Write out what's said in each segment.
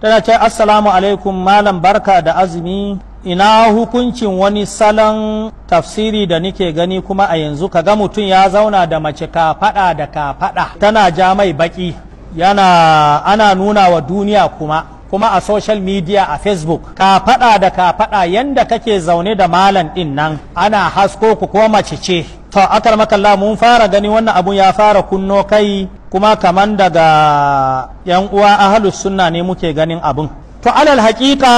tana ce assalamu alaikum malam barka da azumi ina hukuncin wani salon tafsiri da nike gani kuma a yanzu ka ga mutum ya zauna da mace ka fada da ka fada tana ja mai baki yana ana nuna wa duniya kuma kuma a social media a facebook ka fada da ka fada yanda kake zaune da malam din nan ana hasko ku ko mace ce to akar makalla mun fara gani wannan abun ya fara kunno kai kuma kaman daga yan uwa ahalus sunna ne muke ganin abin to alal haƙiƙa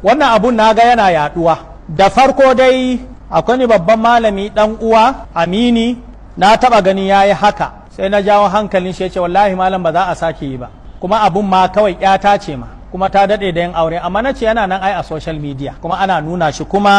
wannan abun na ga yana yaduwa da farko dai akwai ni babban malami dan uwa amini na taba gani yayi haka sai na jawo hankalin shi ya ce wallahi malam ba za a sake yi ba kuma abun ma kawai ƴata ce ma kuma ta daɗe da yin aure amma na ce yana nan ai a social media kuma ana nuna shi kuma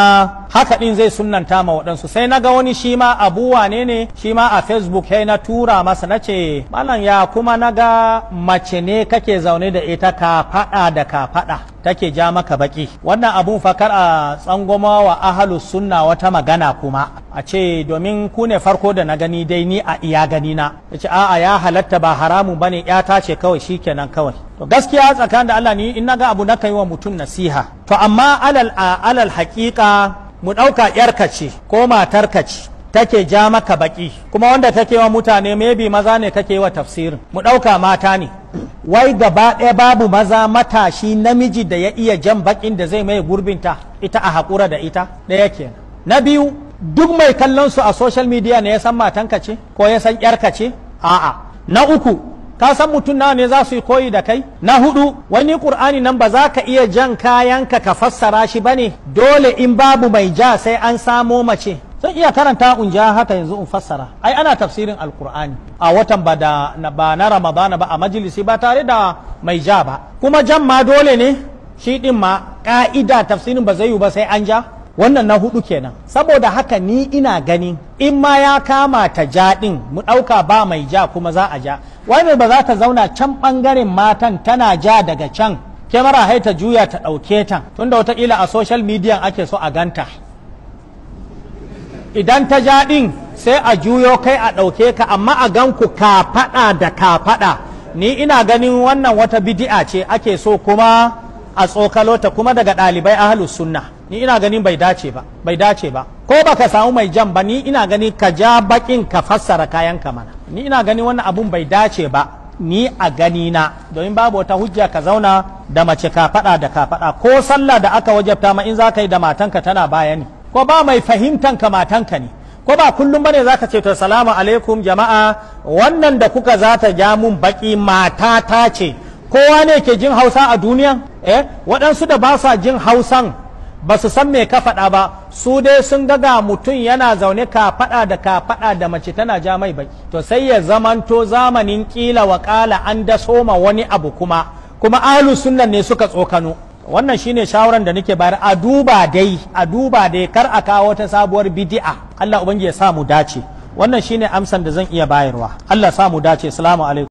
haka ɗin zai sunanta ma waɗansu sai na ga wani shi ma abu wane ne shi ma a facebook kai na tura masa na ce malam ya kuma na ga mace ne kake zaune da ita ka faɗa da ka faɗa take ja maka baki wannan abun fakar a tsangoma wa ahalus sunna wata magana kuma a ce domin ku ne farko da na gani dai ni a iya gani na ya ce a'a ya halatta ba haramu ba ne ta ce kawai shi kenan kawai to gaskiya tsakanin da Allah ni in naga abu naka yi wa mutum nasiha to amma alal alal haqiqa mu ɗauka yarka ce ko matarka ce take ja maka baƙi kuma wanda take wa mutane maybe maza ne kake wa tafsirin mu ɗauka mata ne wai gaba ɗaya babu maza matashi namiji da ya iya jan bakin da zai mai gurbinta ita a haƙura da ita ɗaya kenan na biyu duk mai kallon su a social media ne ya san matanka ce ko ya san yarka ce a'a na uku ka san mutum nawa ne za su yi koyi da kai na hudu wani qur'ani nan ba za ka iya jan kayanka ka fassara shi bane dole in babu mai ja sai an samo mace zan iya karanta in ja haka yanzu in fassara ai ana tafsirin alkur'ani a watan ba da ba na ramadana ba a majalisi ba tare da mai ja ba kuma jan ma dole ne shi din ma ka'ida tafsirin ba zai yi ba sai an ja wannan na hudu kenan saboda haka ni ina gani in ma ya kama ta ja din mu ɗauka ba mai ja kuma za a ja wani ba za ta zauna can ɓangaren matan tana ja daga can kyamara hai ta juya ta ɗauke ta tunda wataƙila a social media ake so a ganta idan ta ja din sai a juyo kai a ɗauke ka amma a gan ku ka kafaɗa da ka kafaɗa ni ina ganin wannan wata bidi'a ce ake so kuma a tsokalo ta kuma daga ɗalibai ahlus sunna ni ina ganin bai dace ba bai dace ba ko baka samu mai jan ba ni ina gani ka ja bakin ka fassara kayan ka mana ni ina gani wannan abun bai dace ba ni a gani na domin babu wata hujja ka zauna da mace ka fada da ka fada ko sallah da aka wajabta ma in za ka yi da matanka tana baya ne ko ba mai fahimtan ka matanka ne ko ba kullum bane zaka ce to salamu alaikum jama'a wannan da kuka za ta ja mun baki matata ce kowa ne ke jin hausa a duniya eh waɗansu da ba sa jin hausan ba su san me ka faɗa ba su dai sun gaga mutum yana zaune ka faɗa da ka faɗa da mace tana ja mai bai to sai ya zamanto zamanin kila waƙala an da soma wani abu kuma kuma ahlu sunnan ne suka tsokano wannan shine shawaran da nake bayar a duba dai a duba dai kar a kawo ta sabuwar bidi'a Allah ubangi ya sa mu dace wannan shine amsan da zan iya bayarwa Allah sa mu dace assalamu alaikum